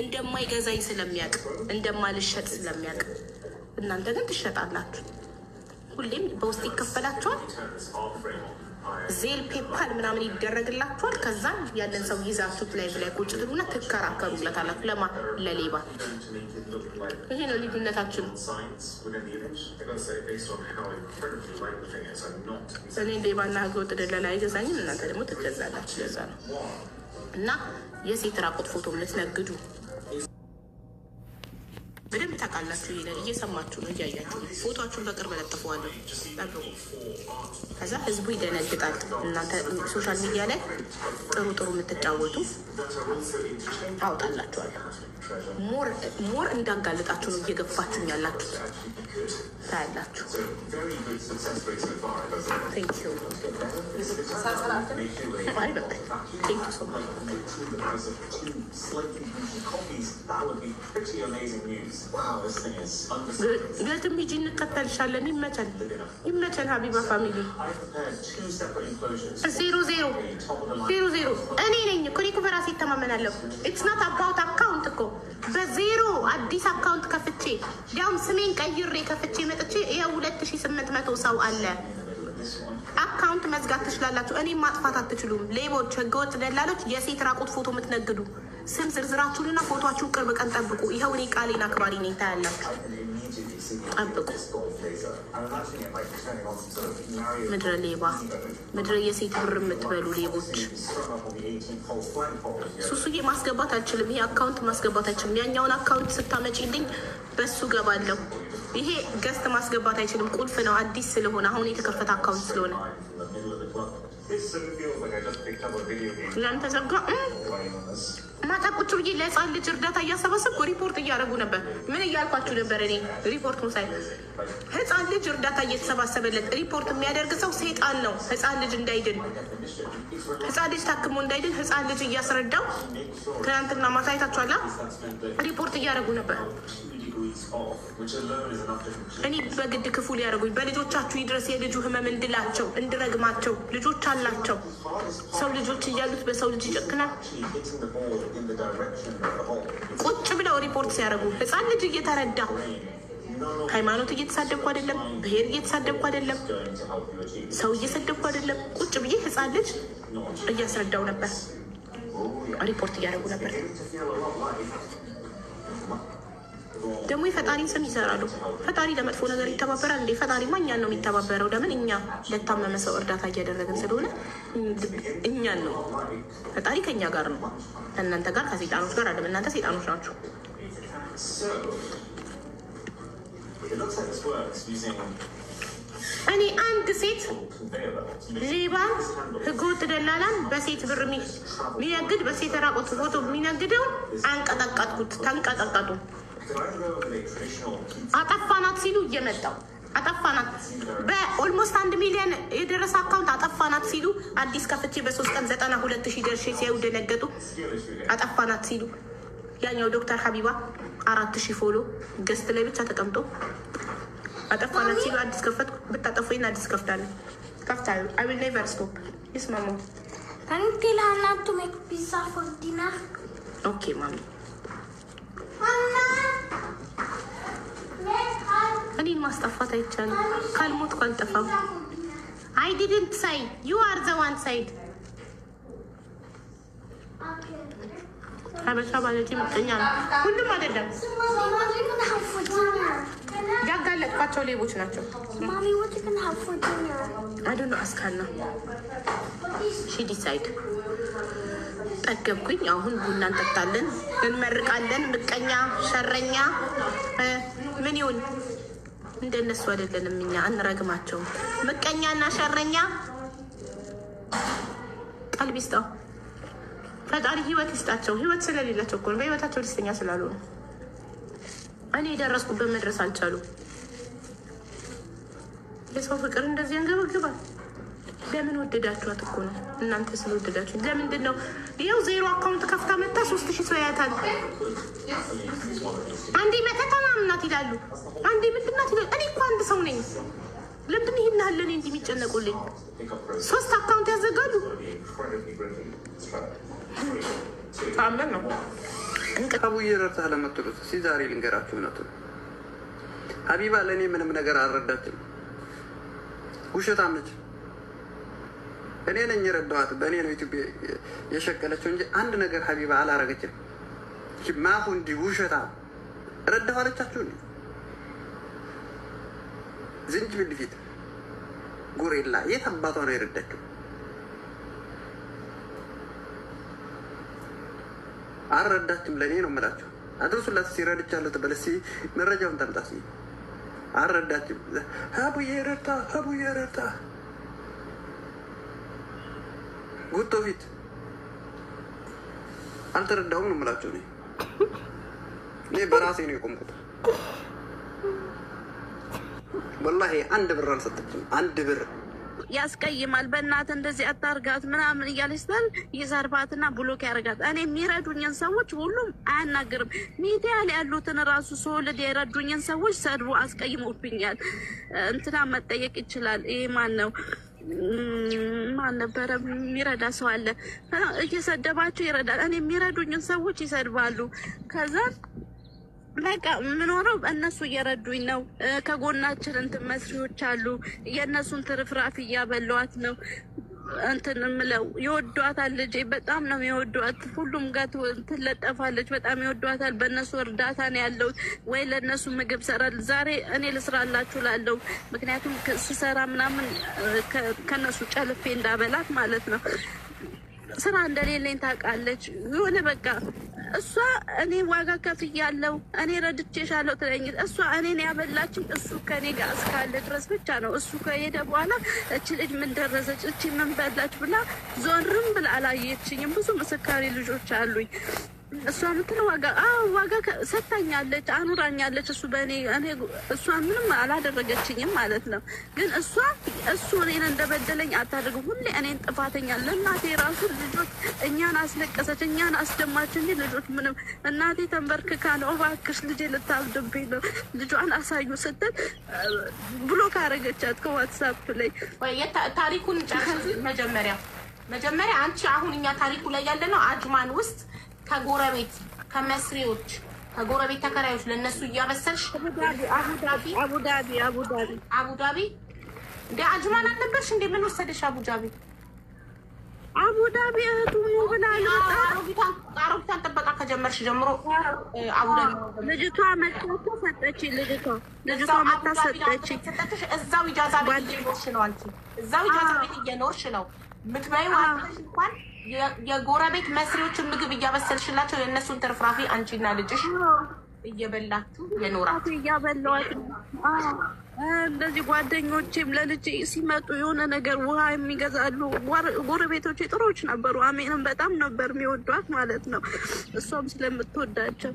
እንደማይገዛኝ ስለሚያውቅ እንደማልሸጥ ስለሚያውቅ፣ እናንተ ግን ትሸጣላችሁ። ሁሌም በውስጥ ይከፈላችኋል፣ ዜል ፔፓል ምናምን ይደረግላችኋል። ከዛም ያንን ሰው ይዛችሁት ላይ ብላይ ቁጭ ትሉና ትከራከሩለታላችሁ። ለማ ለሌባ ይሄ ነው ልዩነታችን። እኔ ሌባና ህገወጥ ደለላ አይገዛኝም፣ እናንተ ደግሞ ትገዛላችሁ። ለዛ ነው እና የሴት ራቁት ፎቶ ልትነግዱ በደንብ ታውቃላችሁ። ይሄንን እየሰማችሁ ነው፣ እያያችሁ ነው። ፎቶችሁን በቅርብ ለጥፈዋለሁ፣ ጠብቁ። ከዛ ህዝቡ ይደነግጣል። እናንተ ሶሻል ሚዲያ ላይ ጥሩ ጥሩ የምትጫወቱ አውጣላችኋለሁ። ሞር እንዳጋለጣችሁ ነው እየገባችሁ ያላችሁ ታያላችሁ። የትም ሂጂ እንከተልሻለን። ይመቸን ይመቸን። ሀቢባ ፋሚሊ ዜሮ ዜሮ ዜሮ ዜሮ እኔ ነኝ እኮ እኔ እኮ በራሴ ይተማመናለሁ። ኢትስ ናት አባውት አካውንት እኮ በዜሮ አዲስ አካውንት ከፍቼ እንዲያውም ስሜን ቀይሬ ከፍቼ መጥቼ የሁለት ሺህ ስምንት መቶ ሰው አለ። አካውንት መዝጋት ትችላላችሁ። እኔም ማጥፋት አትችሉም። ሌቦች፣ ህገወጥ ደላሎች፣ የሴት ራቁት ፎቶ የምትነግዱ ስም ዝርዝራችሁንና ፎቶችሁን ቅርብ ቀን ጠብቁ። ይኸው እኔ ቃሌን አክባሪ ነኝ፣ ታያላችሁ። ጠብቁ። ምድረ ሌባ፣ ምድረ የሴት ብር የምትበሉ ሌቦች። ሱሱዬ ማስገባት አልችልም፣ ይሄ አካውንት ማስገባት አልችልም። ያኛውን አካውንት ስታመጪልኝ በሱ ገባለሁ። ይሄ ገስት ማስገባት አይችልም፣ ቁልፍ ነው አዲስ ስለሆነ አሁን የተከፈተ አካውንት ስለሆነ ላልተዘጋ ማታ ቁጭ ብዬ ለህፃን ልጅ እርዳታ እያሰባሰብኩ ሪፖርት እያደረጉ ነበር። ምን እያልኳችሁ ነበር? እኔ ሪፖርት ሳይ ህፃን ልጅ እርዳታ እየተሰባሰበለት ሪፖርት የሚያደርግ ሰው ሴጣን ነው። ህፃን ልጅ እንዳይድን፣ ህፃን ልጅ ታክሞ እንዳይድን፣ ህፃን ልጅ እያስረዳው ትናንትና ማታ አይታችኋላ። ሪፖርት እያደረጉ ነበር እኔ በግድ ክፉ ሊያደርጉኝ በልጆቻችሁ ይድረስ የልጁ ህመም እንድላቸው እንድረግማቸው ልጆች አላቸው። ሰው ልጆች እያሉት በሰው ልጅ ይጨክናል። ቁጭ ብለው ሪፖርት ሲያደርጉ ህፃን ልጅ እየተረዳ ሃይማኖት እየተሳደብኩ አይደለም፣ ብሔር እየተሳደብኩ አይደለም፣ ሰው እየሰደብኩ አይደለም። ቁጭ ብዬ ህፃን ልጅ እያስረዳው ነበር፣ ሪፖርት እያደረጉ ነበር። ደግሞ የፈጣሪ ስም ይሰራሉ። ፈጣሪ ለመጥፎ ነገር ይተባበራል እንዴ? ፈጣሪ ማኛን ነው የሚተባበረው። ለምን እኛ ለታመመ ሰው እርዳታ እያደረግን ስለሆነ እኛን ነው ፈጣሪ ከእኛ ጋር ነው። ከእናንተ ጋር ከሴጣኖች ጋር አለም። እናንተ ሴጣኖች ናችሁ። እኔ አንድ ሴት ሌባ ህገወጥ ደላላን በሴት ብር የሚነግድ በሴት ራቆት ፎቶ የሚነግደው አንቀጠቀጥኩት። ተንቀጠቀጡ። አጠፋናት ሲሉ እየመጣው አጠፋናት በኦልሞስት አንድ ሚሊዮን የደረሰ አካውንት አጠፋናት ሲሉ አዲስ ከፍቼ በሶስት ቀን ዘጠና ሁለት ሺህ ደርሼ ሲያዩ ደነገጡ። አጠፋናት ሲሉ ያኛው ዶክተር ሀቢባ አራት ሺህ ፎሎ ገስት ላይ ብቻ ተቀምጦ አጠፋናት ሲሉ አዲስ ከፈትኩ። ብታጠፉኝ አዲስ ከፍታለሁ ከፍታለሁ። አይ ዊል ኔቨር ስቶፕ ይስማሙ ኦኬ ማሚ እኔን ማስጠፋት አይቻልም። ካልሞት አልጠፋም። አይ ዲድንት ሳይ ዩ አር ዘ ዋን ሳይድ ሀበሻ ባለች ምቀኛ ነው። ሁሉም አይደለም። ያጋለጥኳቸው ሌቦች ናቸው። አዶ አስካና ሺ ዲሳይድ ጠገብኩኝ። አሁን ቡና እንጠጣለን፣ እንመርቃለን። ምቀኛ ሸረኛ ምን ይሁን እንደነሱ አይደለንም። እኛ አንረግማቸውም። ምቀኛና ሸረኛ ቀልብ ይስጠው ፈጣሪ፣ ህይወት ይስጣቸው። ህይወት ስለሌላቸው እኮ በህይወታቸው ደስተኛ ስላልሆኑ እኔ የደረስኩበት መድረስ አልቻሉ። የሰው ፍቅር እንደዚህ ያንገበግባል። ለምን ወደዳችኋት እኮ ነው እናንተ ስለወደዳችሁ። ለምንድን ነው ይኸው ዜሮ አካውንት ከፍታ መታ ሶስት ሺ ሰው ያታል። አንዴ መተታ ምናት ይላሉ፣ አንዴ ምንድናት ይላሉ። እኔ እኮ አንድ ሰው ነኝ። ለምን ይህን ያህል እኔ እንዲህ የሚጨነቁልኝ? ሶስት አካውንት ያዘጋሉ። ታለን ነው እንቀቡ እየረታ ለመጥሉት እስኪ ዛሬ ልንገራችሁ እውነቱን። ሀቢባ ለእኔ ምንም ነገር አልረዳችም። ውሸታም ነች። እኔ ነኝ የረዳኋት። በእኔ ነው ኢትዮጵያ የሸቀለችው እንጂ አንድ ነገር ሀቢባ አላረገችም። ማሁ እንዲ ውሸታ ረዳሁ አለቻችሁ። እንዲ ዝንጅብል ፊት ጉሬላ የት አባቷ ነው የረዳችው? አልረዳችም። ለእኔ ነው የምላችሁ። አድርሱላት ሲረድቻለሁ ትበለሲ መረጃውን ታምጣ። አልረዳችም። ሀቡዬ ረድታ ሀቡዬ ረድታ ጉቶ ፊት አልተረዳሁም ነው የምላቸው። እኔ በራሴ ነው የቆምኩት። ወላሂ አንድ ብር አልሰጠችም። አንድ ብር ያስቀይማል። በእናት እንደዚህ አታርጋት ምናምን እያለ ስታል ይሰርባትና ብሎክ ያደርጋት። እኔ የሚረዱኝን ሰዎች ሁሉም አያናግርም። ሚዲያ ላይ ያሉትን ራሱ ሰወልድ የረዱኝን ሰዎች ሰድቦ አስቀይሞብኛል። እንትና መጠየቅ ይችላል። ይህ ማን ነው? ማን ነበረ የሚረዳ ሰው አለ እየሰደባቸው ይረዳል። እኔ የሚረዱኝን ሰዎች ይሰድባሉ። ከዛ በቃ የምኖረው እነሱ እየረዱኝ ነው። ከጎናችን እንትን መስሪዎች አሉ። የእነሱን ትርፍራፍ እያበለዋት ነው እንትን ምለው ይወዷታል። ልጄ በጣም ነው የወዷት። ሁሉም ጋር ትለጠፋለች። በጣም ይወዷታል። በእነሱ እርዳታ ነው ያለው ወይ ለእነሱ ምግብ ሰራል። ዛሬ እኔ ልስራላችሁ ላለው ምክንያቱም ስሰራ ምናምን ከነሱ ጨልፌ እንዳበላት ማለት ነው። ስራ እንደሌለኝ ታውቃለች። የሆነ በቃ እሷ እኔ ዋጋ ከፍያለሁ፣ እኔ ረድቼሻለሁ ትለኝ። እሷ እኔን ያበላችኝ እሱ ከኔ ጋር እስካለ ድረስ ብቻ ነው። እሱ ከሄደ በኋላ እች ልጅ ምን ደረሰች፣ እቺ ምን በላች ብላ ዞርም ብላ አላየችኝም። ብዙ ምስካሪ ልጆች አሉኝ። እሷ ምትል ዋጋ አዎ ዋጋ ሰታኛለች፣ አኑራኛለች። እሱ በእኔ እኔ እሷ ምንም አላደረገችኝም ማለት ነው። ግን እሷ እሱ እኔን እንደበደለኝ አታደርግም። ሁሌ እኔን ጥፋተኛ ለእናቴ ራሱ ልጆች እኛን አስለቀሰች፣ እኛን አስደማች እንጂ ልጆች ምንም እናቴ ተንበርክካ ነው እባክሽ ልጄ ልታብድብኝ ነው ልጇን አሳዩ ስትል ብሎ ካረገቻት ከዋትሳፕ ላይ። ታሪኩን ጨርስ መጀመሪያ መጀመሪያ አንቺ አሁን እኛ ታሪኩ ላይ ያለ ነው አጅማን ውስጥ ከጎረቤት ከመስሪዎች ከጎረቤት ተከራዮች ለነሱ እያበሰልሽ አቡዳቢ እንደ አጅማን አልነበርሽ እንዴ? ምን ወሰደሽ አቡዳቢ? አቡዳቢ እህቱ ብላሉ። አሮጊቷን ጥበቃ ከጀመርሽ ጀምሮ አቡዳቢ ልጅቷ መጣ ሰጠች። ልጅቷ ልጅቷ መጣ ሰጠች። እዛው ኢጃዛ ቤት እየኖርሽ ነው አንቺ። እዛው ኢጃዛ ቤት እየኖርሽ ነው ምትበይው እንኳን የጎረቤት መስሪዎችን ምግብ እያበሰልሽላቸው የእነሱን ትርፍራፊ አንቺና ልጅሽ እየበላችሁ የኖራት እያበላዋት እንደዚህ ጓደኞቼም ለልጅ ሲመጡ የሆነ ነገር ውሃ የሚገዛሉ ጎረቤቶች ጥሮች ነበሩ። አሜንም በጣም ነበር የሚወዷት ማለት ነው እሷም ስለምትወዳቸው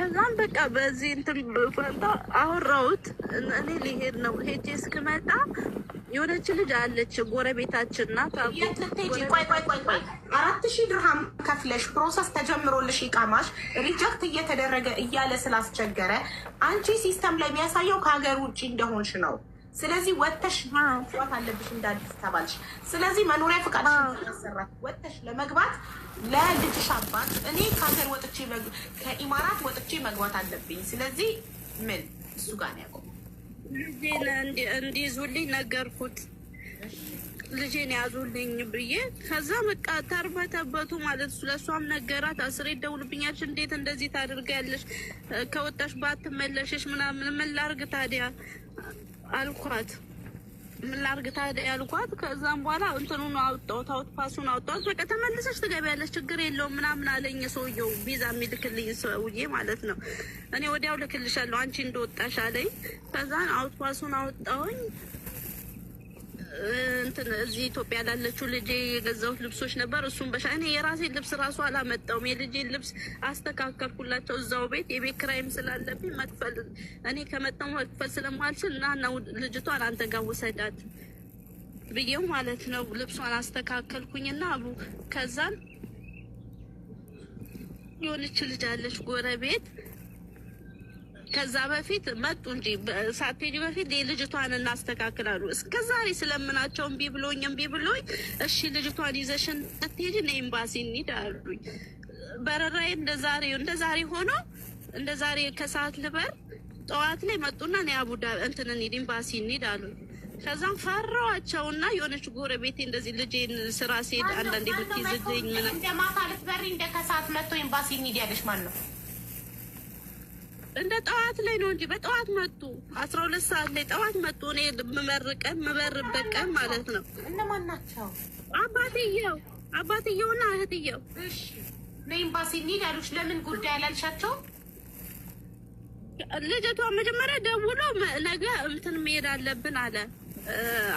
ከዛም በቃ በዚህ እንትን ፈንታ አወራሁት። እኔ ሊሄድ ነው። ሄጄ እስክመጣ የሆነች ልጅ አለች ጎረቤታችን ናት። ቆይ ቆይ ቆይ አራት ሺህ ድርሃም ከፍለሽ ፕሮሰስ ተጀምሮልሽ ይቃማሽ ሪጀክት እየተደረገ እያለ ስላስቸገረ አንቺ ሲስተም ላይ የሚያሳየው ከሀገር ውጭ እንደሆንሽ ነው። ስለዚህ ወተሽ ጨዋታ አለብሽ እንዳዲስ ተባልሽ። ስለዚህ መኖሪያ ፍቃድ ሰራት ወተሽ ለመግባት ለልጅሽ አባት እኔ ከሀገር ወጥቼ ከኢማራት ወጥቼ መግባት አለብኝ። ስለዚህ ምን እሱ ጋር ነው ያቆመው። እንዲይዙልኝ ነገርኩት። ልጄን ያዙልኝ ብዬ ከዛ በቃ ተርበተበቱ ማለት እሱ ለእሷም ነገራት። አስሬ ደውልብኛች እንዴት እንደዚህ ታደርጊያለሽ? ከወጣሽ ባትመለሸሽ ምናምን ምን ላርግ ታዲያ አልኳት። ምን ላድርግ ታዲያ ያልኳት። ከዛም በኋላ እንትኑን አወጣሁት፣ አውት ፓሱን አወጣሁት። በቃ ተመልሰሽ ትገቢያለሽ ችግር የለውም ምናምን አለኝ ሰውየው፣ ቪዛ የሚልክልኝ ሰውዬ ማለት ነው። እኔ ወዲያው ልክልሻለሁ አንቺ እንደወጣሽ አለኝ። ከዛን አውት ፓሱን አወጣሁኝ። እንትን እዚህ ኢትዮጵያ ላለችው ልጄ የገዛሁት ልብሶች ነበር። እሱም በሻ እኔ የራሴ ልብስ ራሱ አላመጣውም። የልጄን ልብስ አስተካከልኩላቸው እዛው ቤት። የቤት ክራይም ስላለብኝ መክፈል እኔ ከመጣሁ መክፈል ስለማልችል እና ና ልጅቷን አንተ ጋር ውሰዳት ብዬው ማለት ነው። ልብሷን አስተካከልኩኝና አቡ ከዛን የሆነች ልጅ አለች ጎረቤት ከዛ በፊት መጡ እንጂ ሳትሄጂ በፊት ልጅቷን እናስተካክላሉ። እስከዛሬ ስለምናቸው እምቢ ብሎኝ እምቢ ብሎኝ፣ እሺ ልጅቷን ይዘሽን ስትሄጂ ነ ኤምባሲ እንሂድ አሉኝ። በረራዬ እንደ ዛሬ እንደ ዛሬ ሆኖ እንደ ዛሬ ከሰዓት ልበር ጠዋት ላይ መጡና እኔ አቡዳ እንትን እንሂድ ኤምባሲ እንሂድ አሉኝ። ከዛም ፈራዋቸውና የሆነች ጎረቤቴ እንደዚህ ልጄን ስራ ሲሄድ አንዳንዴ የምትይዝልኝ ምናምን እንደ ማታ ልትበሪ እንደ ከሰዓት መጥቶ ኤምባሲ እንሂድ ያለሽ ማን ነው? እንደ ጠዋት ላይ ነው እንጂ በጠዋት መጡ። አስራ ሁለት ሰዓት ላይ ጠዋት መጡ። እኔ የምመርቀን የምበርበት ቀን ማለት ነው። እነማን ናቸው? አባትየው አባትየውና እህትየው። እሺ ኤምባሲ እንሂድ ያሉሽ ለምን ጉዳይ አላልሻቸው? ልጅቷ መጀመሪያ ደውሎ ነገ እንትን መሄድ አለብን አለ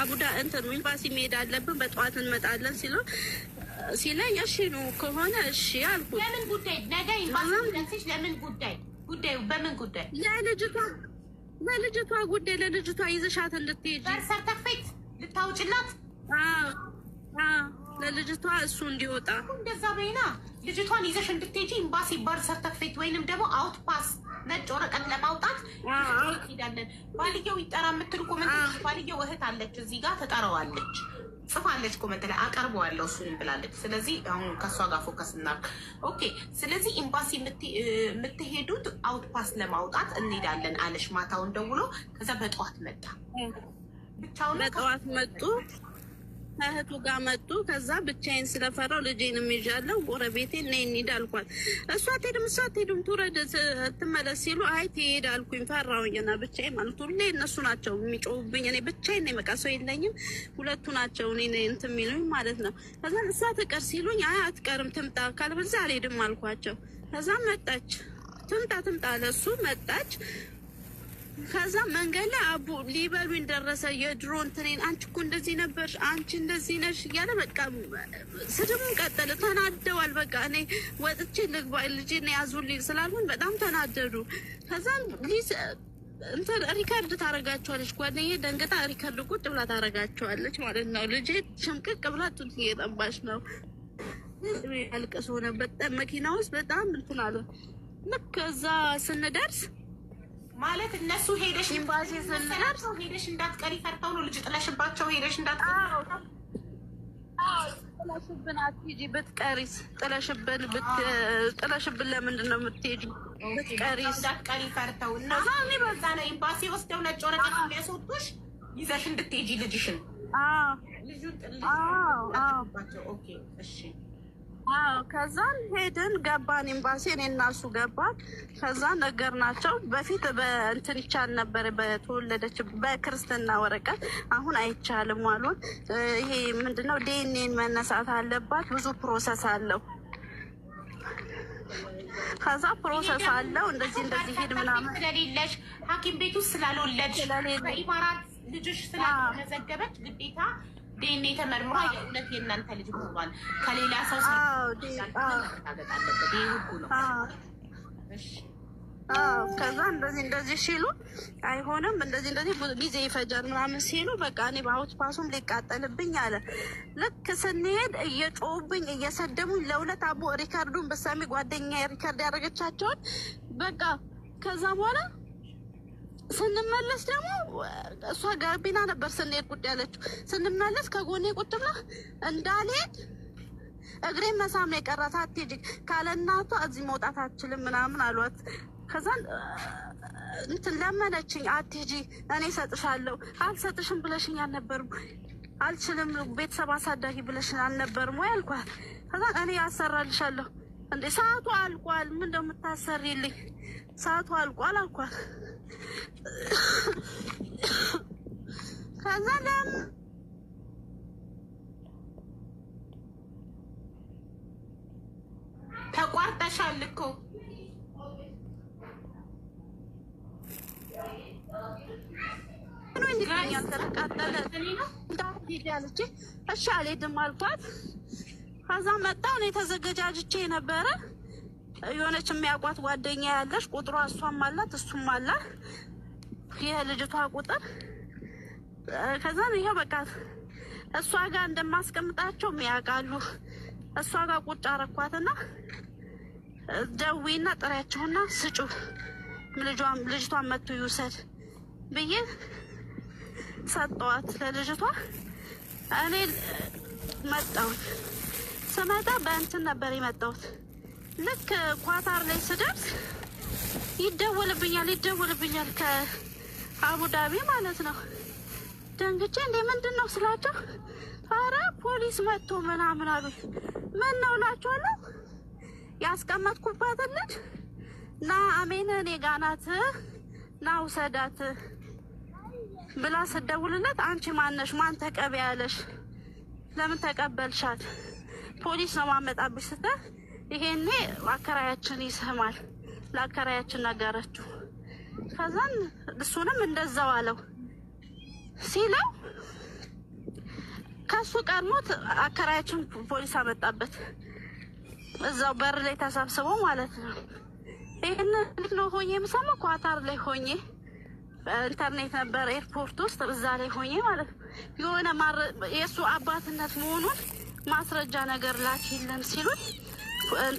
አቡዳ እንትን ኤምባሲ መሄድ አለብን በጠዋት እንመጣለን ሲሉ ሲለኝ እሺ ነው ከሆነ እሺ አልኩ። ለምን ጉዳይ ነገ ኤምባሲ ለምን ጉዳይ ጉዳዩ በምን ጉዳይ? ለልጅቷ ለልጅቷ ጉዳይ ለልጅቷ ይዘሻት እንድትሄጂ በርሳ ልታውጭላት ለልጅቷ እሱ እንዲወጣ እንደዛ በይና ልጅቷን ይዘሽ እንድትሄጂ ኤምባሲ ባር ሰርተፌት ወይንም ደግሞ አውት ፓስ ነጭ ወረቀት ለማውጣት ሄዳለን። ባልየው ይጠራ የምትል ኮመንት ባልየው እህት አለች እዚህ ጋር ተጠረዋለች ጽፋለች ኮመንት ላይ አቀርበዋለሁ እሱንም ብላለች። ስለዚህ አሁን ከእሷ ጋር ፎከስ እናርግ። ኦኬ። ስለዚህ ኤምባሲ የምትሄዱት አውትፓስ ለማውጣት እንሄዳለን አለሽ። ማታውን ደውሎ ከዛ በጠዋት መጣ፣ ብቻውን በጠዋት መጡ። ከእህቱ ጋር መጡ። ከዛ ብቻዬን ስለፈራው ልጄን የሚዣለው ጎረቤቴን ነይ እንሂድ አልኳት። እሷ አትሄድም፣ እሷ አትሄድም፣ ትውረድ ትመለስ ሲሉ አይ ትሄድ አልኩኝ። ፈራሁኝና ብቻዬን ማለት ሁሌ እነሱ ናቸው የሚጮሁብኝ። እኔ ብቻዬን ነኝ፣ በቃ ሰው የለኝም። ሁለቱ ናቸው እኔ እንትን የሚሉኝ ማለት ነው። ከዛ እሷ ትቀር ሲሉኝ አይ አትቀርም፣ ትምጣ፣ ካልበዛ አልሄድም አልኳቸው። ከዛ መጣች። ትምጣ ትምጣ ለሱ መጣች። ከዛ መንገድ ላይ አቦ ሊበሉኝ ደረሰ። የድሮ እንትኔን አንቺ እኮ እንደዚህ ነበርሽ፣ አንቺ እንደዚህ ነሽ እያለ በቃ ስድቡን ቀጠለ። ተናደዋል። በቃ እኔ ወጥቼ ልግባ ልጄን ያዙልኝ ስላልሆን በጣም ተናደዱ። ከዛ ሊዝ እንትን ሪከርድ ታደርጋቸዋለች። ጓደኛ ደንግጣ ሪከርድ ቁጭ ብላ ታደርጋቸዋለች ማለት ነው። ልጄ ሽምቅቅ ብላ ጡት እየጠባች ነው። ያልቅስ ሆነ በጣም መኪና ውስጥ በጣም እንትን አለ። ልክ እዛ ስንደርስ ማለት እነሱ ሄደሽ ኤምባሲ ስንደርስ ሄደሽ እንዳትቀሪ ፈርተው ነው ልጅ ጥለሽባቸው ሄደሽ እንዳትጥለሽብን አትሄጂ። ብትቀሪስ ጥለሽብን ጥለሽብን ለምንድን ነው የምትሄጂው? ብትቀሪስ እንዳትቀሪ ፈርተው እና እኔ በዛ ነው ኤምባሲ ወስደው ነጭ ወረቀት የሚያስወጡሽ ይዘሽ እንድትሄጂ ልጅሽን ልጁን ጥልሽባቸው ኦኬ እሺ ከዛን ሄድን ገባን፣ ኤምባሲ እኔ እና እሱ ገባን። ከዛ ነገር ናቸው በፊት በእንትን ይቻል ነበር በተወለደች በክርስትና ወረቀት፣ አሁን አይቻልም አሉን። ይሄ ምንድነው ዴኔን መነሳት አለባት፣ ብዙ ፕሮሰስ አለው። ከዛ ፕሮሰስ አለው እንደዚህ እንደዚህ ሄድ ምናምን ስለሌለሽ ሐኪም ቤት ውስጥ ስላልወለድሽ በኢማራት ልጆች ስላልተመዘገበች ግዴታ ዲኤንኤ ተመርምሮ የእውነት የእናንተ ልጅ ሆኗል ከሌላ ሰው መረጋገጥ ይህ ህጉ ነው። ከዛ እንደዚህ እንደዚህ ሲሉ አይሆንም፣ እንደዚህ እንደዚህ ጊዜ ይፈጃል ምናምን ሲሉ በቃ እኔ በአውት ፓሱም ሊቃጠልብኝ አለ። ልክ ስንሄድ እየጮሁብኝ እየሰደቡኝ፣ ለሁለት አቦ ሪካርዱን በሳሚ ጓደኛ ሪካርድ ያደረገቻቸውን በቃ ከዛ በኋላ ስንመለስ ደግሞ እሷ ጋቢና ነበር ስንሄድ ጉዳይ ያለችው። ስንመለስ ከጎኔ ቁጭ ብላ እንዳልሄድ እግሬን መሳም ነው የቀራት። አትሄጂ ካለ እናቷ እዚህ መውጣት አትችልም ምናምን አሏት። ከዛን እንትን ለመነችኝ፣ አትሄጂ እኔ እሰጥሻለሁ። አልሰጥሽም ብለሽኝ አልነበርም አልችልም ቤተሰብ አሳዳጊ ብለሽን አልነበርም ወይ አልኳት። ከዛ እኔ ያሰራልሻለሁ እንዴ ሰዓቱ አልቋል፣ ምን እንደምታሰሪልኝ ሰዓቱ አልቋል አልኳት። ከዛ ደም ተቋርጠሻል እኮ እሺ አልሄድም አልኳት። ከዛ መጣሁ እኔ ተዘገጃጅቼ ነበረ የሆነች የሚያውቋት ጓደኛ ያለሽ ቁጥሯ እሷም አላት እሱም አላት የልጅቷ ቁጥር ከዛን ይኸው በቃ እሷ ጋር እንደማስቀምጣቸው ያውቃሉ። እሷ ጋር ቁጭ አረኳትና ደዊና ጥሪያቸውና ስጩ ልጅቷን መቶ ይውሰድ ብዬ ሰጠዋት ለልጅቷ። እኔ መጣሁኝ ስመጣ በእንትን ነበር የመጣሁት ልክ ኳታር ላይ ስደርስ ይደወልብኛል ይደወልብኛል ከአቡዳቢ ማለት ነው። ደንግጬ እንዴ ምንድን ነው ስላቸው፣ አረ ፖሊስ መጥቶ ምናምን አሉ። ምን ነው እላቸዋለሁ ያስቀመጥኩባትን ልጅ ና አሜን እኔ ጋ ናት ና ውሰዳት ብላ ስደውልለት፣ አንቺ ማነሽ? ማን ተቀበያለሽ? ለምን ተቀበልሻት? ፖሊስ ነው ማመጣብሽ ስተ ይሄኔ አከራያችን ይሰማል። ለአከራያችን ነገረችው። ከዛን እሱንም እንደዛው አለው ሲለው ከሱ ቀድሞት አከራያችን ፖሊስ አመጣበት። እዛው በር ላይ ተሰብስበው ማለት ነው። ይህን ልክ ነው ሆኜ የምሰማው ኳታር ላይ ሆኜ ኢንተርኔት ነበር ኤርፖርት ውስጥ እዛ ላይ ሆኜ ማለት ነው። የሆነ የእሱ አባትነት መሆኑን ማስረጃ ነገር ላኪልን ሲሉት Um,